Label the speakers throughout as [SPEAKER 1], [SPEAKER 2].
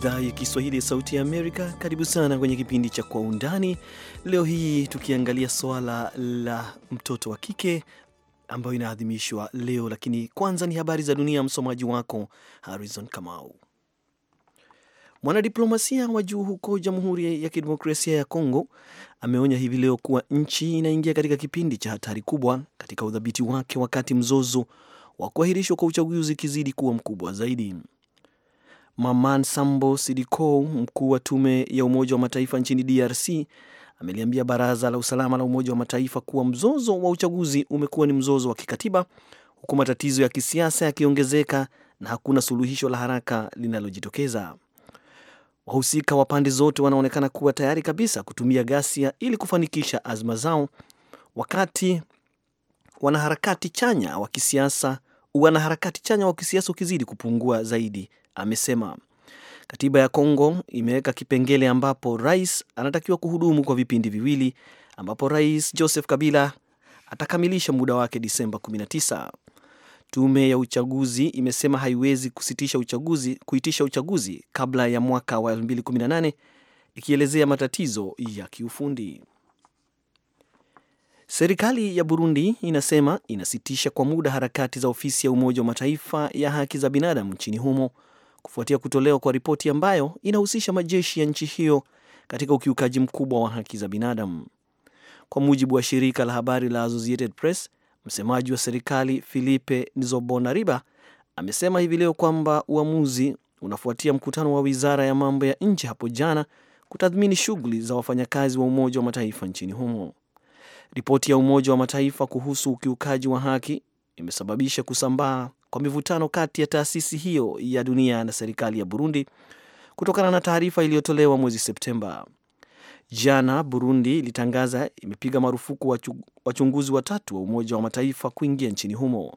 [SPEAKER 1] idhaa ya Kiswahili ya Sauti ya Amerika. Karibu sana kwenye kipindi cha Kwa Undani. Leo hii tukiangalia swala la mtoto wa kike ambayo inaadhimishwa leo, lakini kwanza ni habari za dunia. Msomaji wako Harrison Kamau. Mwanadiplomasia wa juu huko Jamhuri ya Kidemokrasia ya Kongo ameonya hivi leo kuwa nchi inaingia katika kipindi cha hatari kubwa katika udhabiti wake, wakati mzozo wa kuahirishwa kwa uchaguzi kizidi kuwa mkubwa zaidi. Maman Sambo Sidiko, mkuu wa tume ya Umoja wa Mataifa nchini DRC, ameliambia Baraza la Usalama la Umoja wa Mataifa kuwa mzozo wa uchaguzi umekuwa ni mzozo wa kikatiba, huku matatizo ya kisiasa yakiongezeka na hakuna suluhisho la haraka linalojitokeza. Wahusika wa pande zote wanaonekana kuwa tayari kabisa kutumia ghasia ili kufanikisha azma zao, wakati wanaharakati chanya wa kisiasa wanaharakati chanya wa kisiasa ukizidi kupungua zaidi amesema. Katiba ya Kongo imeweka kipengele ambapo rais anatakiwa kuhudumu kwa vipindi viwili, ambapo rais Joseph Kabila atakamilisha muda wake Disemba 19. Tume ya uchaguzi imesema haiwezi kusitisha uchaguzi, kuitisha uchaguzi kabla ya mwaka wa 2018 ikielezea matatizo ya kiufundi. Serikali ya Burundi inasema inasitisha kwa muda harakati za ofisi ya Umoja wa Mataifa ya haki za binadamu nchini humo kufuatia kutolewa kwa ripoti ambayo inahusisha majeshi ya nchi hiyo katika ukiukaji mkubwa wa haki za binadamu. Kwa mujibu wa shirika la habari la Associated Press, msemaji wa serikali Filipe Nzobonariba amesema hivi leo kwamba uamuzi unafuatia mkutano wa wizara ya mambo ya nje hapo jana kutathmini shughuli za wafanyakazi wa Umoja wa Mataifa nchini humo. Ripoti ya Umoja wa Mataifa kuhusu ukiukaji wa haki imesababisha kusambaa kwa mivutano kati ya taasisi hiyo ya dunia na serikali ya Burundi kutokana na taarifa iliyotolewa mwezi Septemba. Jana Burundi ilitangaza imepiga marufuku wachunguzi watatu wa Umoja wa Mataifa kuingia nchini humo.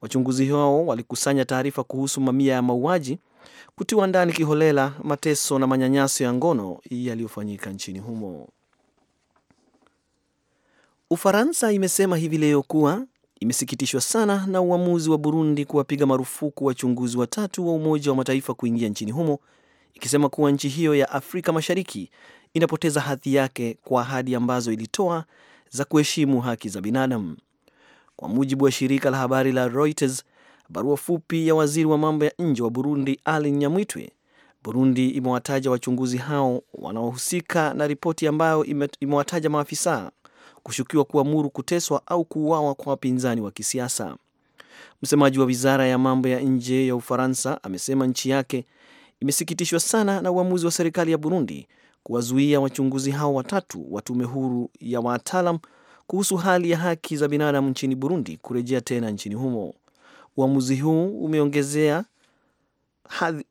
[SPEAKER 1] Wachunguzi hao walikusanya taarifa kuhusu mamia ya mauaji, kutiwa ndani kiholela, mateso na manyanyaso ya ngono yaliyofanyika nchini humo. Ufaransa imesema hivi leo kuwa imesikitishwa sana na uamuzi wa Burundi kuwapiga marufuku wachunguzi watatu wa Umoja wa Mataifa kuingia nchini humo, ikisema kuwa nchi hiyo ya Afrika Mashariki inapoteza hadhi yake kwa ahadi ambazo ilitoa za kuheshimu haki za binadamu. Kwa mujibu wa shirika la habari la Reuters, barua fupi ya waziri wa mambo ya nje wa Burundi Ali Nyamwitwe, Burundi imewataja wachunguzi hao wanaohusika na ripoti ambayo imewataja maafisa kushukiwa kuamuru kuteswa au kuuawa kwa wapinzani wa kisiasa. Msemaji wa wizara ya mambo ya nje ya Ufaransa amesema nchi yake imesikitishwa sana na uamuzi wa serikali ya Burundi kuwazuia wachunguzi hao watatu wa tume huru ya wataalam kuhusu hali ya haki za binadamu nchini Burundi kurejea tena nchini humo. Uamuzi huu umeongezea hadhi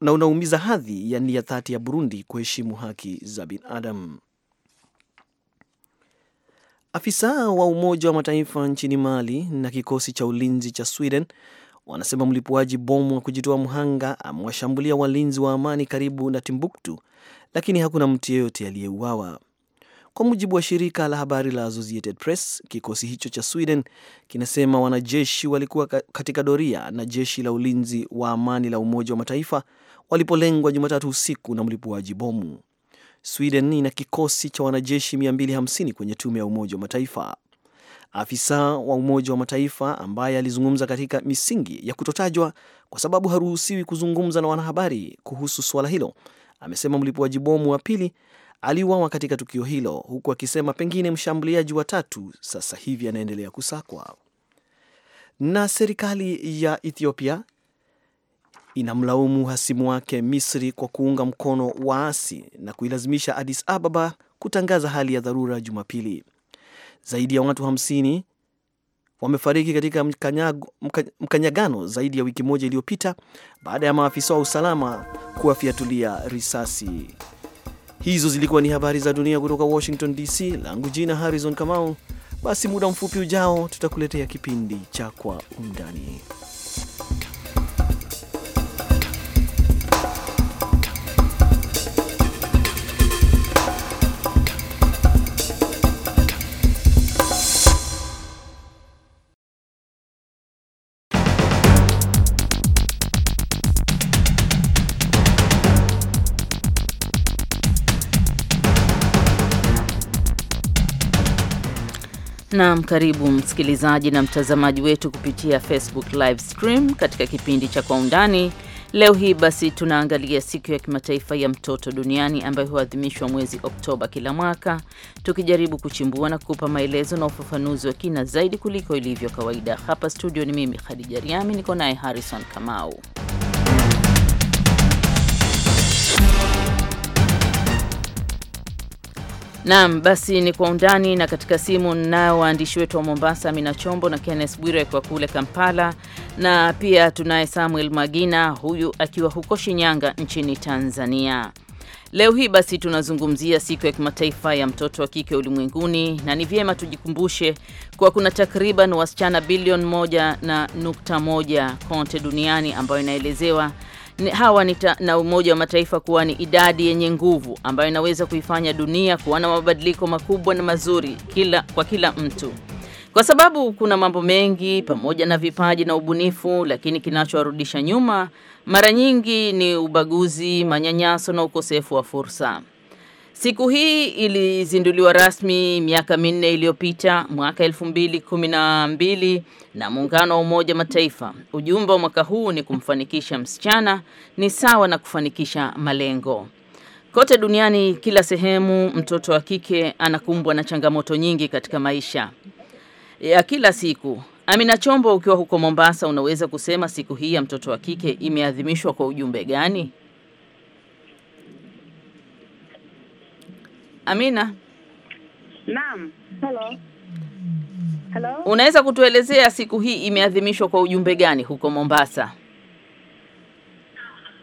[SPEAKER 1] na unaumiza hadhi ya nia dhati ya Burundi kuheshimu haki za binadamu. Afisa wa Umoja wa Mataifa nchini Mali na kikosi cha ulinzi cha Sweden wanasema mlipuaji bomu wa kujitoa mhanga amewashambulia walinzi wa amani karibu na Timbuktu, lakini hakuna mtu yeyote aliyeuawa. Kwa mujibu wa shirika la habari la Associated Press, kikosi hicho cha Sweden kinasema wanajeshi walikuwa katika doria na jeshi la ulinzi wa amani la Umoja wa Mataifa walipolengwa Jumatatu usiku na mlipuaji bomu. Sweden ina kikosi cha wanajeshi 250 kwenye tume ya Umoja wa Mataifa. Afisa wa Umoja wa Mataifa ambaye alizungumza katika misingi ya kutotajwa kwa sababu haruhusiwi kuzungumza na wanahabari kuhusu suala hilo, amesema mlipuaji bomu wa pili aliuawa katika tukio hilo, huku akisema pengine mshambuliaji wa tatu sasa hivi anaendelea kusakwa. Na serikali ya Ethiopia inamlaumu hasimu wake Misri kwa kuunga mkono waasi na kuilazimisha Addis Ababa kutangaza hali ya dharura Jumapili. Zaidi ya watu 50 wamefariki katika mkanyago, mkanyagano zaidi ya wiki moja iliyopita baada ya maafisa wa usalama kuwafiatulia risasi. Hizo zilikuwa ni habari za dunia kutoka Washington DC. Langu jina Harrison Kamau. Basi muda mfupi ujao tutakuletea kipindi cha Kwa Undani.
[SPEAKER 2] Naam, karibu msikilizaji na mtazamaji wetu kupitia Facebook live stream katika kipindi cha Kwa Undani. Leo hii basi tunaangalia siku ya kimataifa ya mtoto duniani ambayo huadhimishwa mwezi Oktoba kila mwaka, tukijaribu kuchimbua na kukupa maelezo na ufafanuzi wa kina zaidi kuliko ilivyo kawaida. Hapa studio ni mimi Khadija Riami, niko naye Harrison Kamau. Naam, basi ni kwa undani. Na katika simu ninao waandishi wetu wa Mombasa, Amina Chombo na Kenneth Bwire kwa kule Kampala, na pia tunaye Samuel Magina, huyu akiwa huko Shinyanga nchini Tanzania. Leo hii basi tunazungumzia siku ya kimataifa ya mtoto wa kike ulimwenguni, na ni vyema tujikumbushe kuwa kuna takriban wasichana bilioni moja na nukta moja kote duniani ambayo inaelezewa hawa ni ta, na Umoja wa Mataifa kuwa ni idadi yenye nguvu ambayo inaweza kuifanya dunia kuwa na mabadiliko makubwa na mazuri kila, kwa kila mtu kwa sababu kuna mambo mengi pamoja na vipaji na ubunifu, lakini kinachowarudisha nyuma mara nyingi ni ubaguzi, manyanyaso na ukosefu wa fursa. Siku hii ilizinduliwa rasmi miaka minne iliyopita mwaka elfu mbili kumi na mbili na muungano wa Umoja Mataifa. Ujumbe wa mwaka huu ni kumfanikisha msichana ni sawa na kufanikisha malengo. Kote duniani, kila sehemu, mtoto wa kike anakumbwa na changamoto nyingi katika maisha ya kila siku. Amina Chombo, ukiwa huko Mombasa, unaweza kusema siku hii ya mtoto wa kike imeadhimishwa kwa ujumbe gani? Amina. Naam.
[SPEAKER 3] Hello. Hello.
[SPEAKER 2] Unaweza kutuelezea siku hii imeadhimishwa kwa ujumbe gani huko Mombasa?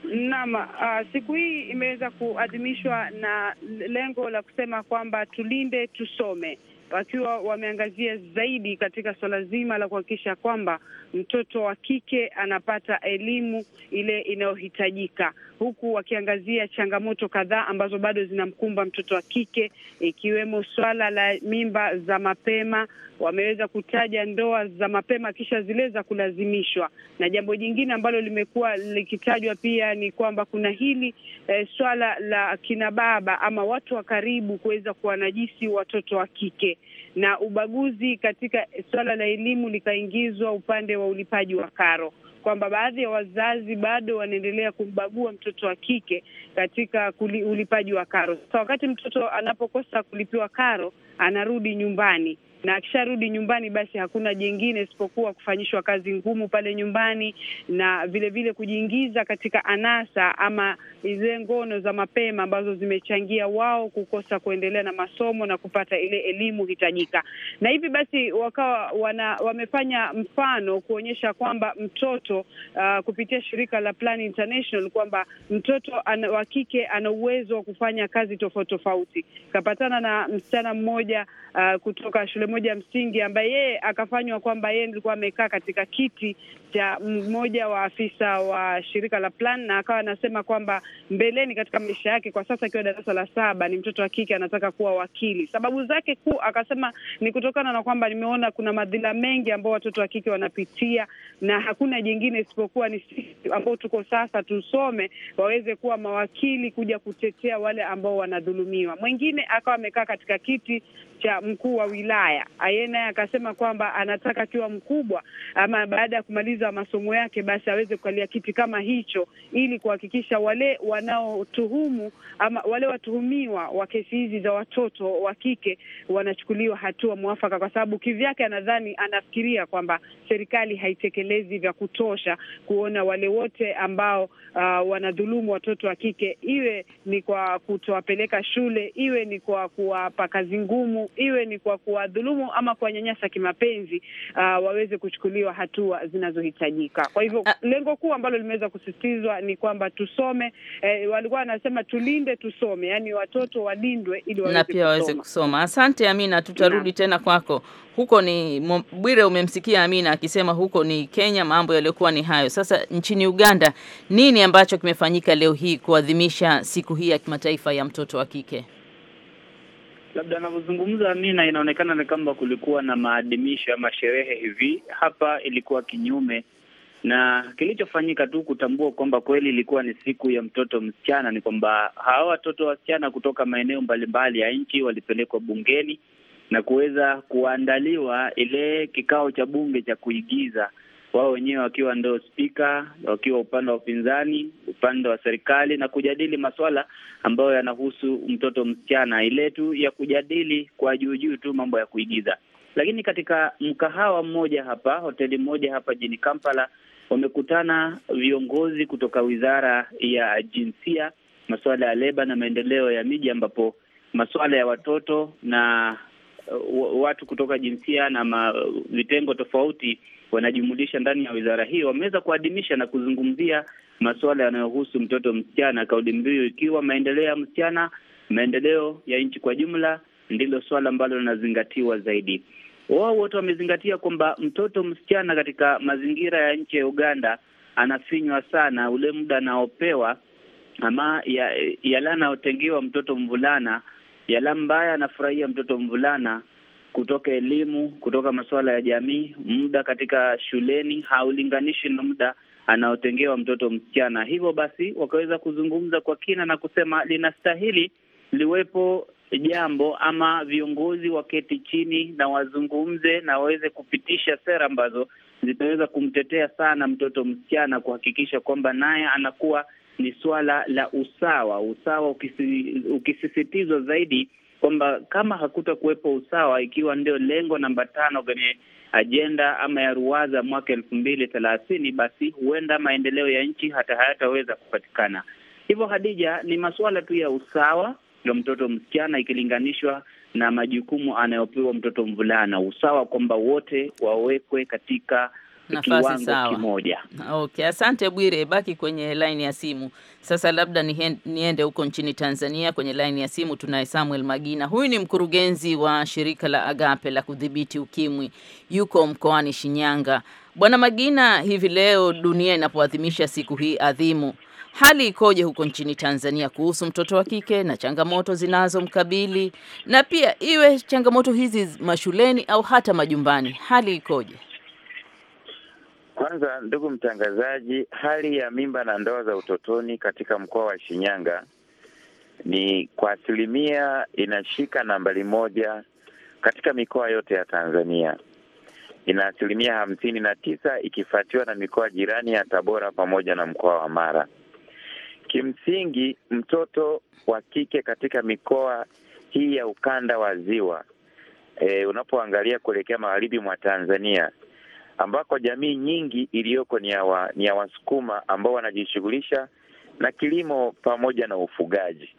[SPEAKER 3] Naam, uh, siku hii imeweza kuadhimishwa na lengo la kusema kwamba tulinde tusome, wakiwa wameangazia zaidi katika swala zima la kuhakikisha kwamba mtoto wa kike anapata elimu ile inayohitajika, huku wakiangazia changamoto kadhaa ambazo bado zinamkumba mtoto wa kike ikiwemo swala la mimba za mapema. Wameweza kutaja ndoa za mapema kisha zile za kulazimishwa, na jambo jingine ambalo limekuwa likitajwa pia ni kwamba kuna hili eh, swala la kina baba ama watu wa karibu kuweza kuwanajisi watoto wa kike na ubaguzi katika suala la elimu likaingizwa upande wa ulipaji wa karo, kwamba baadhi ya wazazi bado wanaendelea kumbagua mtoto wa kike katika kuli, ulipaji wa karo. Sasa so, wakati mtoto anapokosa kulipiwa karo anarudi nyumbani na akisharudi nyumbani basi hakuna jingine isipokuwa kufanyishwa kazi ngumu pale nyumbani na vilevile kujiingiza katika anasa ama zile ngono za mapema ambazo zimechangia wao kukosa kuendelea na masomo na kupata ile elimu hitajika, na hivi basi wakawa wana, wamefanya mfano kuonyesha kwamba mtoto uh, kupitia shirika la Plan International kwamba mtoto wa kike ana uwezo wa kufanya kazi tofauti tofauti. Kapatana na msichana mmoja uh, kutoka shule moja ya msingi ambaye yeye akafanywa kwamba yeye ndilikuwa amekaa katika kiti cha mmoja wa afisa wa shirika la Plan na akawa anasema kwamba mbeleni katika maisha yake, kwa sasa akiwa darasa la saba, ni mtoto wa kike anataka kuwa wakili. Sababu zake kuu akasema ni kutokana na kwamba nimeona kuna madhila mengi ambao watoto wa kike wanapitia, na hakuna jingine isipokuwa ni sisi ambao tuko sasa tusome, waweze kuwa mawakili, kuja kutetea wale ambao wanadhulumiwa. Mwingine akawa amekaa katika kiti cha mkuu wa wilaya. Yeye naye akasema kwamba anataka akiwa mkubwa ama baada ya kumaliza masomo yake, basi aweze kukalia kiti kama hicho, ili kuhakikisha wale wanaotuhumu ama wale watuhumiwa wa kesi hizi za watoto wa kike wanachukuliwa hatua mwafaka, kwa sababu kivyake anadhani, anafikiria kwamba serikali haitekelezi vya kutosha kuona wale wote ambao uh, wanadhulumu watoto wa kike, iwe ni kwa kutowapeleka shule, iwe ni kwa kuwapa kazi ngumu iwe ni kwa kuwadhulumu ama kuwanyanyasa kimapenzi, uh, waweze kuchukuliwa hatua zinazohitajika. Kwa hivyo ah. lengo kuu ambalo limeweza kusisitizwa ni kwamba tusome. Eh, walikuwa wanasema tulinde, tusome, yani watoto walindwe ili waweze na pia waweze
[SPEAKER 2] kusoma. Asante Amina, tutarudi tena kwako huko. Ni Bwire, umemsikia Amina akisema huko ni Kenya mambo yaliyokuwa ni hayo. Sasa nchini Uganda, nini ambacho kimefanyika leo hii kuadhimisha siku hii ya kimataifa ya mtoto wa kike?
[SPEAKER 4] labda anavyozungumza Amina, inaonekana ni kama kulikuwa na maadhimisho ama sherehe hivi. Hapa ilikuwa kinyume na kilichofanyika tu kutambua kwamba kweli ilikuwa ni siku ya mtoto msichana, ni kwamba hawa watoto wasichana kutoka maeneo mbalimbali ya nchi walipelekwa bungeni na kuweza kuandaliwa ile kikao cha bunge cha kuigiza wao wenyewe wakiwa ndio spika, wakiwa upande wa upinzani, upande wa serikali, na kujadili masuala ambayo yanahusu mtoto msichana, ile tu ya kujadili kwa juujuu tu mambo ya kuigiza. Lakini katika mkahawa mmoja hapa, hoteli moja hapa jijini Kampala, wamekutana viongozi kutoka wizara ya jinsia, masuala ya leba na maendeleo ya miji, ambapo masuala ya watoto na uh, watu kutoka jinsia na ma, vitengo tofauti wanajumulisha ndani ya wizara hii wameweza kuadhimisha na kuzungumzia masuala yanayohusu mtoto msichana, kauli mbiu ikiwa maendeleo ya msichana, maendeleo ya nchi kwa jumla, ndilo swala ambalo linazingatiwa zaidi. Wao wote wamezingatia kwamba mtoto msichana katika mazingira ya nchi ya Uganda anafinywa sana, ule muda anaopewa ama yale ya anayotengewa mtoto mvulana, yale ambaye anafurahia mtoto mvulana kutoka elimu, kutoka masuala ya jamii. Muda katika shuleni haulinganishi na muda anaotengewa mtoto msichana. Hivyo basi wakaweza kuzungumza kwa kina na kusema linastahili liwepo jambo ama viongozi waketi chini na wazungumze na waweze kupitisha sera ambazo zitaweza kumtetea sana mtoto msichana, kuhakikisha kwamba naye anakuwa ni swala la usawa. Usawa ukisi, ukisisitizwa zaidi kwamba kama hakutakuwepo usawa, ikiwa ndio lengo namba tano kwenye ajenda ama ya ruwaza mwaka elfu mbili thelathini, basi huenda maendeleo ya nchi hata hayataweza kupatikana. Hivyo Hadija, ni masuala tu ya usawa ya mtoto msichana ikilinganishwa na majukumu anayopewa mtoto mvulana, usawa kwamba wote wawekwe katika nafasi sawa kimoja.
[SPEAKER 2] Okay, asante Bwire, baki kwenye line ya simu. Sasa labda niende huko nchini Tanzania. Kwenye line ya simu tunaye Samuel Magina, huyu ni mkurugenzi wa shirika la Agape la kudhibiti ukimwi, yuko mkoani Shinyanga. Bwana Magina, hivi leo dunia inapoadhimisha siku hii adhimu, hali ikoje huko nchini Tanzania kuhusu mtoto wa kike na changamoto zinazomkabili na pia iwe changamoto hizi mashuleni au hata majumbani, hali ikoje?
[SPEAKER 5] Kwanza
[SPEAKER 6] ndugu mtangazaji, hali ya mimba na ndoa za utotoni katika mkoa wa Shinyanga ni kwa asilimia inashika nambari moja katika mikoa yote ya Tanzania, ina asilimia hamsini na tisa ikifuatiwa na mikoa jirani ya Tabora pamoja na mkoa wa Mara. Kimsingi, mtoto wa kike katika mikoa hii ya ukanda wa Ziwa e, unapoangalia kuelekea magharibi mwa Tanzania ambako jamii nyingi iliyoko ni ya Wasukuma ambao wanajishughulisha na kilimo pamoja na ufugaji.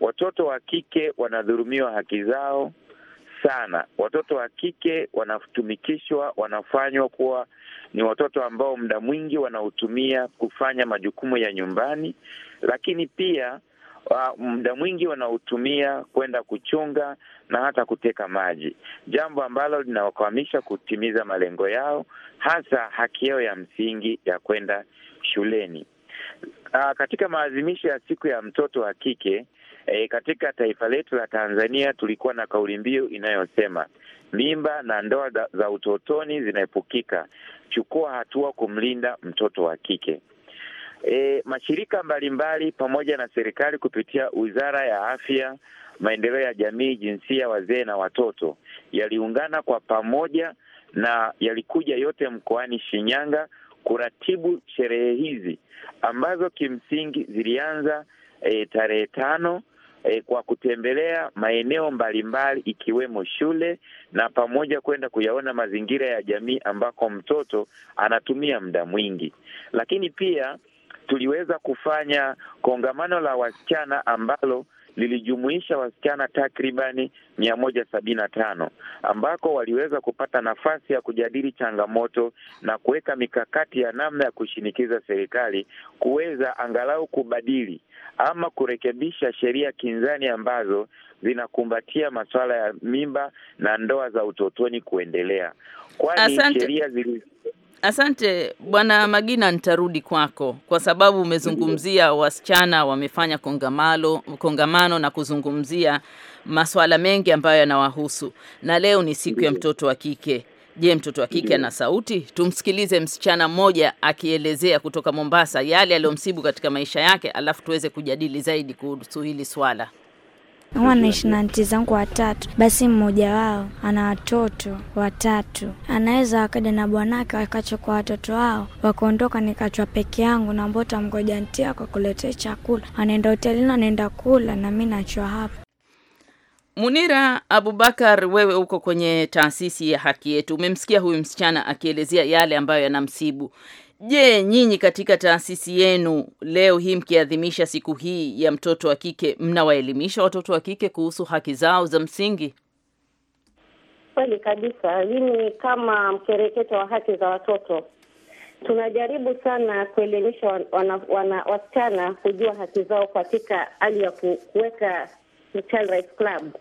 [SPEAKER 6] Watoto wa kike wanadhulumiwa haki zao sana. Watoto wa kike wanatumikishwa, wanafanywa kuwa ni watoto ambao muda mwingi wanautumia kufanya majukumu ya nyumbani, lakini pia muda mwingi wanaotumia kwenda kuchunga na hata kuteka maji, jambo ambalo linawakwamisha kutimiza malengo yao, hasa haki yao ya msingi ya kwenda shuleni. Aa, ah, katika maadhimisho ya siku ya mtoto wa kike e, katika taifa letu la Tanzania tulikuwa na kauli mbiu inayosema mimba na ndoa za utotoni zinaepukika, chukua hatua kumlinda mtoto wa kike e, mashirika mbalimbali pamoja na serikali kupitia Wizara ya Afya, Maendeleo ya Jamii, Jinsia, Wazee na Watoto yaliungana kwa pamoja na yalikuja yote mkoani Shinyanga kuratibu sherehe hizi ambazo kimsingi zilianza e, tarehe tano e, kwa kutembelea maeneo mbalimbali ikiwemo shule na pamoja kwenda kuyaona mazingira ya jamii ambako mtoto anatumia muda mwingi, lakini pia tuliweza kufanya kongamano la wasichana ambalo lilijumuisha wasichana takribani mia moja sabini na tano ambako waliweza kupata nafasi ya kujadili changamoto na kuweka mikakati ya namna ya kushinikiza serikali kuweza angalau kubadili ama kurekebisha sheria kinzani ambazo zinakumbatia masuala ya mimba na ndoa za utotoni kuendelea, kwani sheria zili
[SPEAKER 2] Asante Bwana Magina, nitarudi kwako kwa sababu umezungumzia wasichana wamefanya kongamano, kongamano na kuzungumzia masuala mengi ambayo yanawahusu, na leo ni siku ya mtoto wa kike. Je, mtoto wa kike ana sauti? Tumsikilize msichana mmoja akielezea kutoka Mombasa yale aliyomsibu katika maisha yake, alafu tuweze kujadili zaidi kuhusu hili swala.
[SPEAKER 4] Huwa naishi na nti zangu watatu, basi mmoja wao ana watoto watatu, anaweza wakaja na bwanake wakachukua watoto wao wakaondoka, nikachwa peke yangu, naambao tamgoja nti yako kuletea chakula. Anaenda hotelini, anaenda kula na mi nachwa hapo.
[SPEAKER 2] Munira Abubakar, wewe uko kwenye taasisi ya Haki Yetu, umemsikia huyu msichana akielezea yale ambayo yanamsibu. Je, nyinyi katika taasisi yenu leo hii mkiadhimisha siku hii ya mtoto wa kike, mnawaelimisha watoto wa kike kuhusu haki zao za msingi?
[SPEAKER 5] Kweli kabisa. Mimi kama mkereketo wa haki za watoto tunajaribu sana kuelimisha wasichana kujua haki zao katika hali ya kuweka Child Rights Club.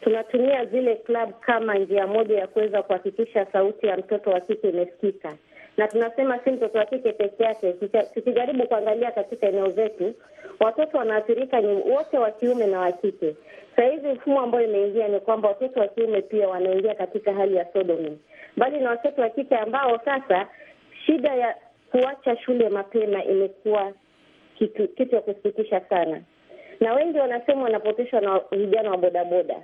[SPEAKER 5] Tunatumia zile club kama njia moja ya kuweza kuhakikisha sauti ya mtoto wa kike imesikika na tunasema si mtoto wa kike peke yake. Tukijaribu kuangalia katika eneo zetu, watoto wanaathirika ni wote, wa kiume na wa kike. Saa hizi mfumo ambao imeingia ni kwamba watoto wa kiume pia wanaingia katika hali ya sodomi, mbali na watoto wa kike ambao sasa shida ya kuacha shule mapema imekuwa kitu kitu ya kusikitisha sana, na wengi wanasema wanapoteshwa na vijana wa bodaboda,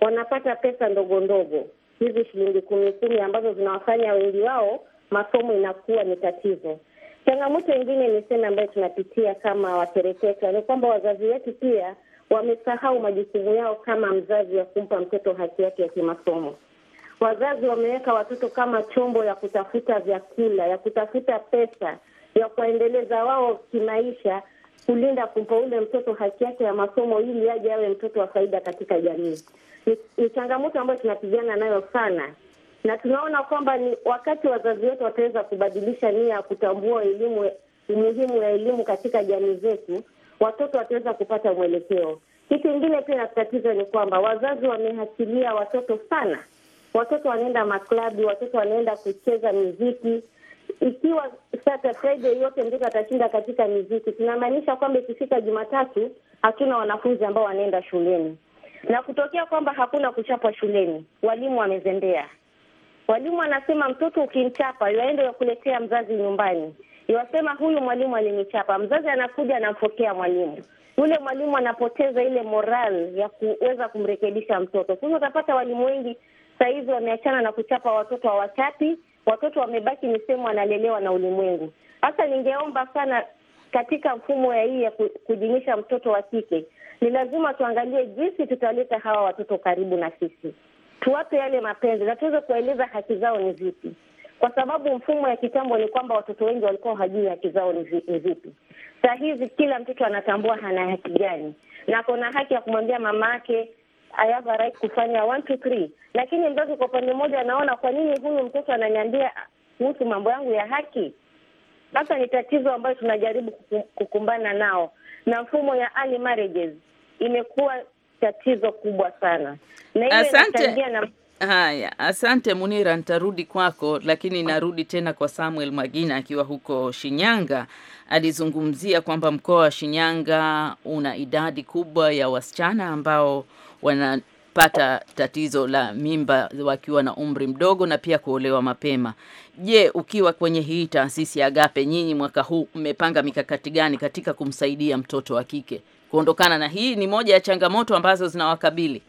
[SPEAKER 5] wanapata pesa ndogo ndogo hizi shilingi kumi kumi ambazo zinawafanya wengi wao masomo inakuwa ni tatizo. Changamoto ingine niseme, ambayo tunapitia kama wakereketwa ni kwamba wazazi wetu pia wamesahau majukumu yao kama mzazi ya kumpa mtoto haki yake ya kimasomo. Wazazi wameweka watoto kama chombo ya kutafuta vyakula, ya kutafuta pesa, ya kuwaendeleza wao kimaisha, kulinda kumpa ule mtoto haki yake ya masomo ili aje awe mtoto wa faida katika jamii. Ni, ni changamoto ambayo tunapigana nayo sana na tunaona kwamba ni wakati wazazi wetu wataweza kubadilisha nia ya kutambua elimu, umuhimu wa elimu katika jamii zetu, watoto wataweza kupata mwelekeo. Kitu ingine pia natatizo ni kwamba wazazi wameachilia watoto sana, watoto wanaenda maklabu, watoto wanaenda kucheza miziki. Ikiwa sasa Friday yote mtoto atashinda katika miziki, tunamaanisha kwamba ikifika Jumatatu hatuna wanafunzi ambao wanaenda shuleni, na kutokea kwamba hakuna kuchapwa shuleni, walimu wamezembea Walimu anasema mtoto ukimchapa yaende yakuletea mzazi nyumbani, iwasema huyu mwalimu alinichapa. Mzazi anakuja anampokea mwalimu yule, mwalimu anapoteza ile moral ya kuweza kumrekebisha mtoto. Kwa hivyo utapata walimu wengi sahizi wameachana na kuchapa watoto, hawachapi watoto, wamebaki ni sehemu analelewa na ulimwengu. Hasa ningeomba sana katika mfumo ya hii ya kujinisha mtoto wa kike, ni lazima tuangalie jinsi tutaleta hawa watoto karibu na sisi tuwape yale mapenzi na tuweze kueleza haki zao ni zipi, kwa sababu mfumo ya kitambo ni kwamba watoto wengi walikuwa hawajui haki zao ni zipi. Saa hizi kila mtoto anatambua ana haki gani, na akona haki ya kumwambia mama yake I have a right kufanya one two three. Lakini mzazi kwa upande mmoja anaona kwa nini huyu mtoto ananiambia kuhusu mambo yangu ya haki? Sasa ni tatizo ambayo tunajaribu kukumbana nao, na mfumo ya early marriages imekuwa tatizo kubwa sana na asante. Na...
[SPEAKER 2] Haya, asante Munira, nitarudi kwako, lakini narudi tena kwa Samuel Magina akiwa huko Shinyanga. Alizungumzia kwamba mkoa wa Shinyanga una idadi kubwa ya wasichana ambao wanapata tatizo la mimba wakiwa na umri mdogo na pia kuolewa mapema. Je, ukiwa kwenye hii taasisi ya Agape, nyinyi mwaka huu mmepanga mikakati gani katika kumsaidia mtoto wa kike? kuondokana na hii ni moja ya changamoto ambazo zinawakabili.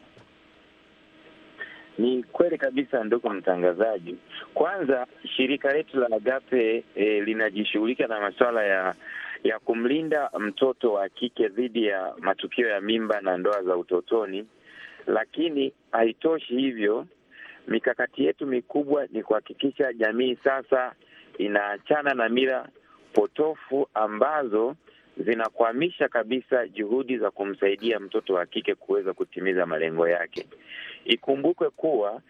[SPEAKER 6] Ni kweli kabisa, ndugu mtangazaji. Kwanza shirika letu la Agape e, linajishughulika na masuala ya ya kumlinda mtoto wa kike dhidi ya matukio ya mimba na ndoa za utotoni, lakini haitoshi hivyo. Mikakati yetu mikubwa ni kuhakikisha jamii sasa inaachana na mira potofu ambazo zinakwamisha kabisa juhudi za kumsaidia mtoto wa kike kuweza kutimiza malengo yake. Ikumbukwe kuwa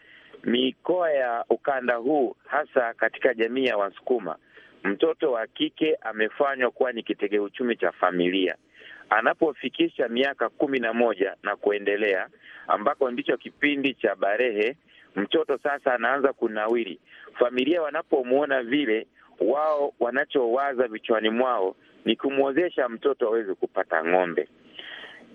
[SPEAKER 6] mikoa ya ukanda huu, hasa katika jamii ya Wasukuma, mtoto wa kike amefanywa kuwa ni kitege uchumi cha familia anapofikisha miaka kumi na moja na kuendelea, ambako ndicho kipindi cha barehe. Mtoto sasa anaanza kunawiri. Familia wanapomwona vile, wao wanachowaza vichwani mwao ni kumwozesha mtoto aweze kupata ng'ombe.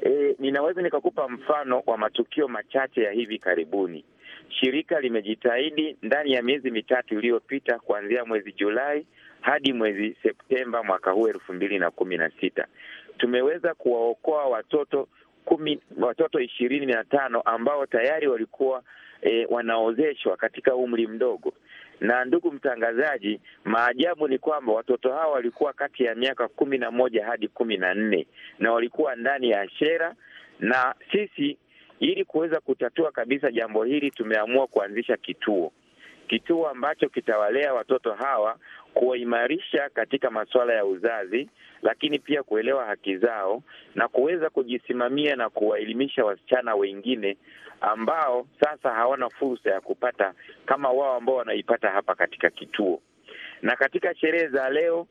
[SPEAKER 6] E, ninaweza nikakupa mfano wa matukio machache ya hivi karibuni. Shirika limejitahidi ndani ya miezi mitatu iliyopita kuanzia mwezi Julai hadi mwezi Septemba mwaka huu elfu mbili na kumi na sita tumeweza kuwaokoa watoto kumi, watoto ishirini na tano ambao tayari walikuwa e, wanaozeshwa katika umri mdogo na ndugu mtangazaji, maajabu ni kwamba watoto hawa walikuwa kati ya miaka kumi na moja hadi kumi na nne na walikuwa ndani ya shera, na sisi ili kuweza kutatua kabisa jambo hili tumeamua kuanzisha kituo, kituo ambacho kitawalea watoto hawa kuwaimarisha katika masuala ya uzazi, lakini pia kuelewa haki zao na kuweza kujisimamia na kuwaelimisha wasichana wengine ambao sasa hawana fursa ya kupata kama wao ambao wanaipata hapa katika kituo. Na katika sherehe za leo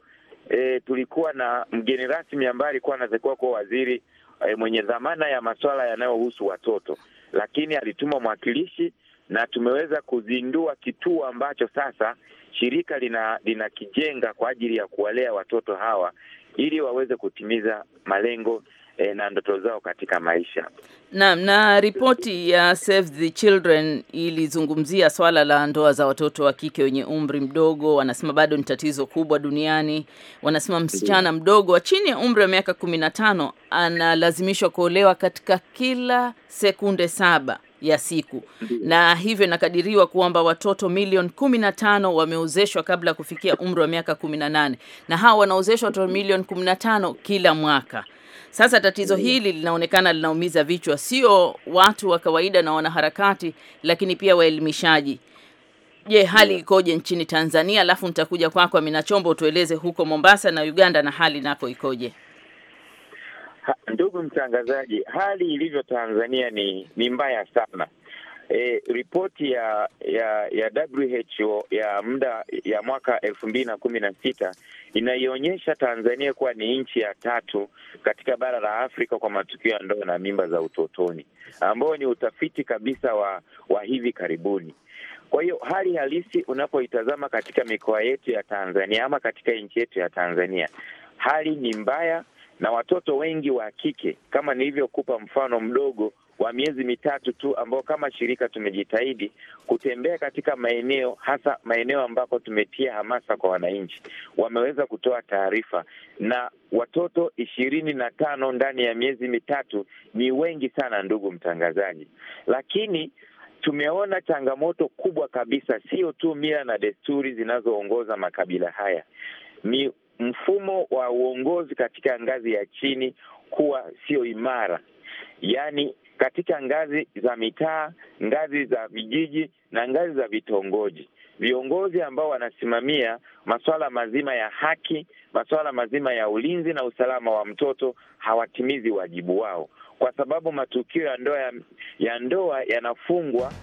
[SPEAKER 6] e, tulikuwa na mgeni rasmi ambaye alikuwa anatakiwa kuwa waziri e, mwenye dhamana ya masuala yanayohusu watoto, lakini alituma mwakilishi na tumeweza kuzindua kituo ambacho sasa shirika lina linakijenga kwa ajili ya kuwalea watoto hawa ili waweze kutimiza malengo e, na ndoto zao katika maisha.
[SPEAKER 2] Naam, na ripoti ya Save the Children ilizungumzia swala la ndoa za watoto wa kike wenye umri mdogo. Wanasema bado ni tatizo kubwa duniani. Wanasema msichana mdogo wa chini ya umri wa miaka kumi na tano analazimishwa kuolewa katika kila sekunde saba ya siku na hivyo inakadiriwa kwamba watoto milioni kumi na tano wameozeshwa kabla ya kufikia umri wa miaka kumi na nane na hawa wanaozeshwa watoto milioni kumi na tano kila mwaka. Sasa tatizo hili linaonekana linaumiza vichwa, sio watu wa kawaida na wanaharakati, lakini pia waelimishaji. Je, hali ikoje nchini Tanzania? Alafu nitakuja kwako kwa Amina Chombo, utueleze huko Mombasa na Uganda na hali nako ikoje.
[SPEAKER 6] Ha, ndugu mtangazaji, hali ilivyo Tanzania ni, ni mbaya sana E, ripoti ya ya ya WHO ya muda ya mwaka elfu mbili na kumi na sita inaionyesha Tanzania kuwa ni nchi ya tatu katika bara la Afrika kwa matukio ya ndoa na mimba za utotoni, ambao ni utafiti kabisa wa wa hivi karibuni. Kwa hiyo hali halisi unapoitazama katika mikoa yetu ya Tanzania ama katika nchi yetu ya Tanzania, hali ni mbaya na watoto wengi wa kike kama nilivyokupa mfano mdogo wa miezi mitatu tu, ambao kama shirika tumejitahidi kutembea katika maeneo, hasa maeneo ambako tumetia hamasa kwa wananchi. Wameweza kutoa taarifa na watoto ishirini na tano ndani ya miezi mitatu ni wengi sana, ndugu mtangazaji, lakini tumeona changamoto kubwa kabisa, sio tu mila na desturi zinazoongoza makabila haya, ni mfumo wa uongozi katika ngazi ya chini kuwa sio imara. Yaani, katika ngazi za mitaa, ngazi za vijiji na ngazi za vitongoji, viongozi ambao wanasimamia masuala mazima ya haki, masuala mazima ya ulinzi na usalama wa mtoto hawatimizi wajibu wao, kwa sababu matukio ya ndoa ya ndoa yanafungwa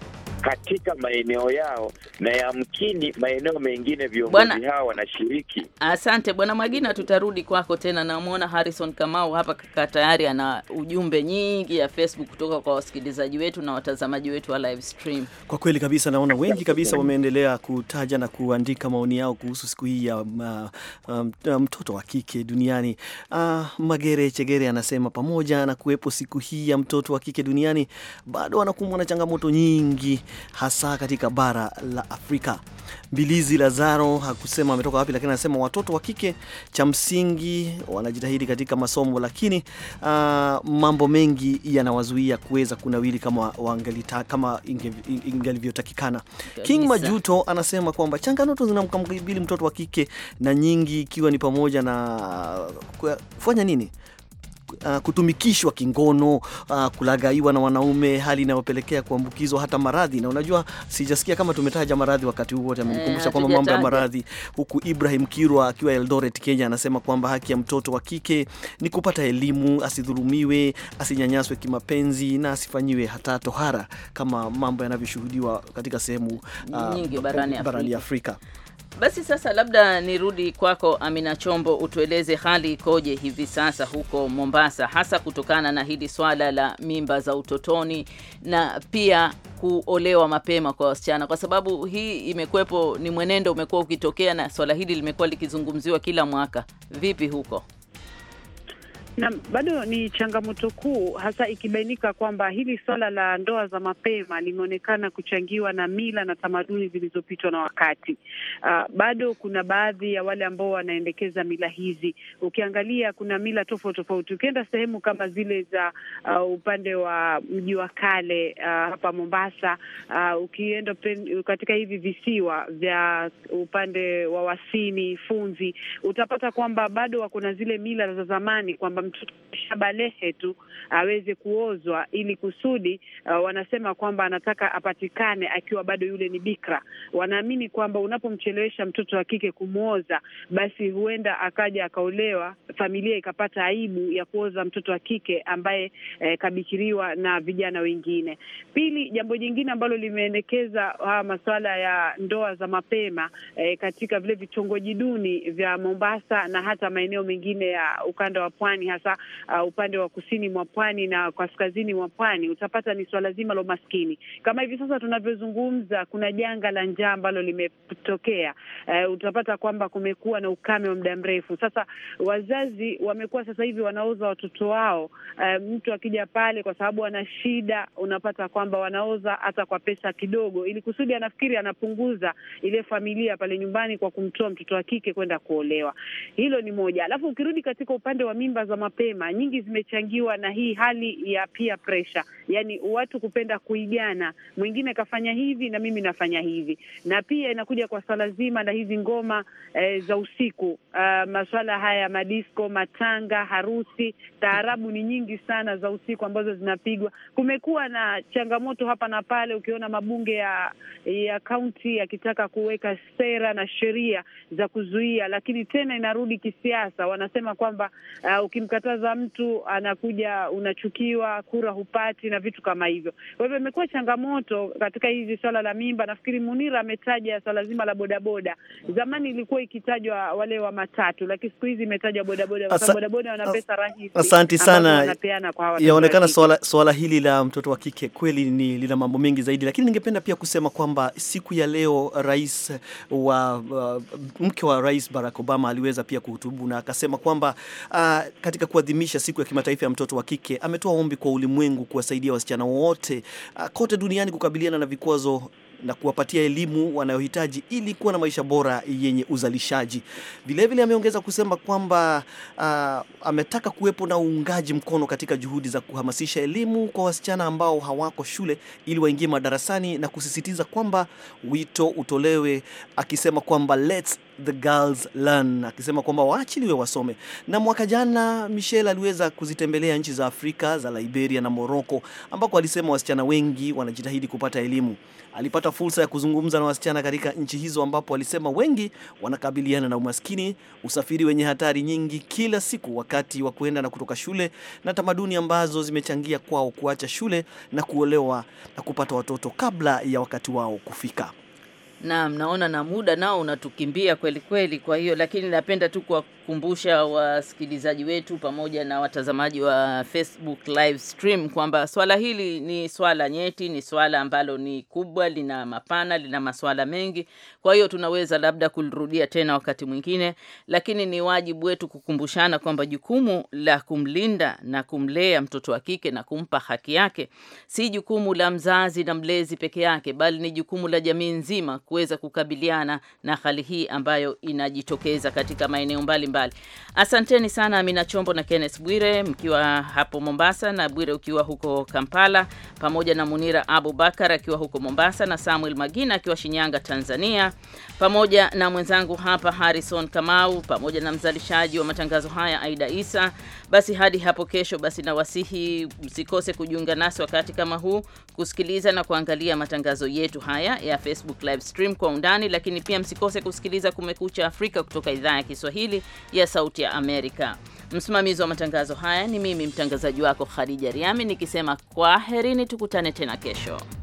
[SPEAKER 6] katika maeneo yao, na yamkini maeneo mengine viongozi hao wanashiriki.
[SPEAKER 2] Asante Bwana Magina, tutarudi kwako tena. Namwona Harrison Kamau hapa kaka, tayari ana ujumbe nyingi ya Facebook kutoka kwa wasikilizaji wetu na watazamaji wetu wa live stream.
[SPEAKER 1] Kwa kweli kabisa, naona wengi kabisa wameendelea kutaja na kuandika maoni yao kuhusu siku hii ya um, mtoto wa kike duniani. Uh, Magere Chegere anasema pamoja na kuwepo siku hii ya mtoto wa kike duniani, bado anakumbwa na changamoto nyingi hasa katika bara la Afrika. Bilizi Lazaro hakusema ametoka wapi, lakini anasema watoto wa kike cha msingi wanajitahidi katika masomo, lakini uh, mambo mengi yanawazuia kuweza kunawili kama wangalita, kama ingelivyotakikana. King Majuto anasema kwamba changamoto zinamkabili mtoto wa kike na nyingi, ikiwa ni pamoja na kufanya nini uh, kutumikishwa kingono uh, kulagaiwa na wanaume, hali inayopelekea kuambukizwa hata maradhi. Na unajua sijasikia kama tumetaja maradhi wakati huu wote, amenikumbusha eh, kwamba mambo ya maradhi, huku Ibrahim Kirwa akiwa Eldoret, Kenya, anasema kwamba haki ya mtoto wa kike ni kupata elimu, asidhulumiwe, asinyanyaswe kimapenzi na asifanyiwe hata tohara kama mambo yanavyoshuhudiwa katika sehemu uh, barani Afrika, Afrika.
[SPEAKER 2] Basi sasa, labda nirudi kwako Amina Chombo, utueleze hali ikoje hivi sasa huko Mombasa, hasa kutokana na hili swala la mimba za utotoni na pia kuolewa mapema kwa wasichana, kwa sababu hii imekuwepo, ni mwenendo umekuwa ukitokea na swala hili limekuwa likizungumziwa kila mwaka. Vipi huko?
[SPEAKER 3] Na bado ni changamoto kuu, hasa ikibainika kwamba hili swala la ndoa za mapema limeonekana kuchangiwa na mila na tamaduni zilizopitwa na wakati. Uh, bado kuna baadhi ya wale ambao wanaendekeza mila hizi. Ukiangalia kuna mila tofauti tofauti, ukienda sehemu kama zile za uh, upande wa mji wa kale uh, hapa Mombasa uh, ukienda katika hivi visiwa vya upande wa Wasini, Funzi, utapata kwamba bado na zile mila za zamani kwamba mtoto balehe tu aweze kuozwa ili kusudi uh, wanasema kwamba anataka apatikane akiwa bado yule ni bikra. Wanaamini kwamba unapomchelewesha mtoto wa kike kumwoza, basi huenda akaja akaolewa, familia ikapata aibu ya kuoza mtoto wa kike ambaye eh, kabikiriwa na vijana wengine. Pili, jambo jingine ambalo limeelekeza haya masuala ya ndoa za mapema eh, katika vile vitongoji duni vya Mombasa na hata maeneo mengine ya ukanda wa pwani hasa uh, upande wa kusini mwa pwani na kaskazini mwa pwani, utapata ni swala zima la umaskini. Kama hivi sasa tunavyozungumza, kuna janga la njaa ambalo limetokea. Uh, utapata kwamba kumekuwa na ukame wa muda mrefu. Sasa wazazi wamekuwa sasa hivi wanaoza watoto wao, uh, mtu akija pale, kwa sababu ana shida, unapata kwamba wanaoza hata kwa pesa kidogo, ili kusudi anafikiri anapunguza ile familia pale nyumbani kwa kumtoa mtoto wa kike kwenda kuolewa. Hilo ni moja, alafu ukirudi katika upande wa mimba za mapema nyingi zimechangiwa na hii hali ya peer pressure, yani watu kupenda kuigana, mwingine kafanya hivi na mimi nafanya hivi, na pia inakuja kwa swala zima la hizi ngoma e, za usiku uh, maswala haya ya madisko, matanga, harusi, taarabu ni nyingi sana za usiku ambazo zinapigwa. Kumekuwa na changamoto hapa na pale, ukiona mabunge ya ya kaunti yakitaka kuweka sera na sheria za kuzuia, lakini tena inarudi kisiasa, wanasema kwamba uh, ah, ukim ukimkataza mtu anakuja, unachukiwa, kura hupati na vitu kama hivyo. Kwa hivyo imekuwa changamoto katika hizi swala la mimba. Nafikiri Munira ametaja swala zima la bodaboda. Zamani ilikuwa ikitajwa wale wa matatu, lakini siku hizi imetajwa bodaboda kwa sababu bodaboda wana pesa rahisi. Asante sana, yaonekana swala,
[SPEAKER 1] swala hili la mtoto wa kike kweli ni lina mambo mengi zaidi, lakini ningependa pia kusema kwamba siku ya leo rais wa uh, mke wa rais Barack Obama aliweza pia kuhutubu na akasema kwamba uh, katika katika kuadhimisha siku ya kimataifa ya mtoto wa kike ametoa ombi kwa ulimwengu kuwasaidia wasichana wote ah, kote duniani kukabiliana na vikwazo na kuwapatia elimu wanayohitaji ili kuwa na maisha bora yenye uzalishaji. Vilevile ameongeza kusema kwamba uh, ametaka kuwepo na uungaji mkono katika juhudi za kuhamasisha elimu kwa wasichana ambao hawako shule ili waingie madarasani na kusisitiza kwamba wito utolewe, akisema kwamba let's the girls learn, akisema kwamba waachiliwe wasome. Na mwaka jana Michelle aliweza kuzitembelea nchi za Afrika za Liberia na Morocco ambako alisema wasichana wengi wanajitahidi kupata elimu alipata fursa ya kuzungumza na wasichana katika nchi hizo ambapo alisema wengi wanakabiliana na umaskini, usafiri wenye hatari nyingi kila siku wakati wa kuenda na kutoka shule na tamaduni ambazo zimechangia kwao kuacha shule na kuolewa na kupata watoto kabla ya wakati wao kufika.
[SPEAKER 2] Naam, naona na muda nao unatukimbia kweli kweli. Kwa hiyo lakini napenda tu kuwakumbusha wasikilizaji wetu pamoja na watazamaji wa Facebook live stream kwamba swala hili ni swala nyeti, ni swala ambalo ni kubwa, lina mapana, lina maswala mengi. Kwa hiyo tunaweza labda kulirudia tena wakati mwingine, lakini ni wajibu wetu kukumbushana kwamba jukumu la kumlinda na kumlea mtoto wa kike na kumpa haki yake si jukumu la mzazi na mlezi peke yake, bali ni jukumu la jamii nzima kuweza kukabiliana na hali hii ambayo inajitokeza katika maeneo mbalimbali. Asanteni sana Amina Chombo na Kenneth Bwire mkiwa hapo Mombasa, na Bwire ukiwa huko Kampala, pamoja na Munira Abu Bakar akiwa huko Mombasa na Samuel Magina akiwa Shinyanga, Tanzania, pamoja na mwenzangu hapa Harrison Kamau, pamoja na mzalishaji wa matangazo haya Aida Isa. Basi hadi hapo kesho, basi nawasihi msikose kujiunga nasi wakati kama huu kusikiliza na kuangalia matangazo yetu haya ya Facebook live stream Dream kwa undani, lakini pia msikose kusikiliza Kumekucha Afrika kutoka idhaa ya Kiswahili ya Sauti ya Amerika. Msimamizi wa matangazo haya ni mimi mtangazaji wako Khadija Riami, nikisema kwaherini, tukutane tena kesho.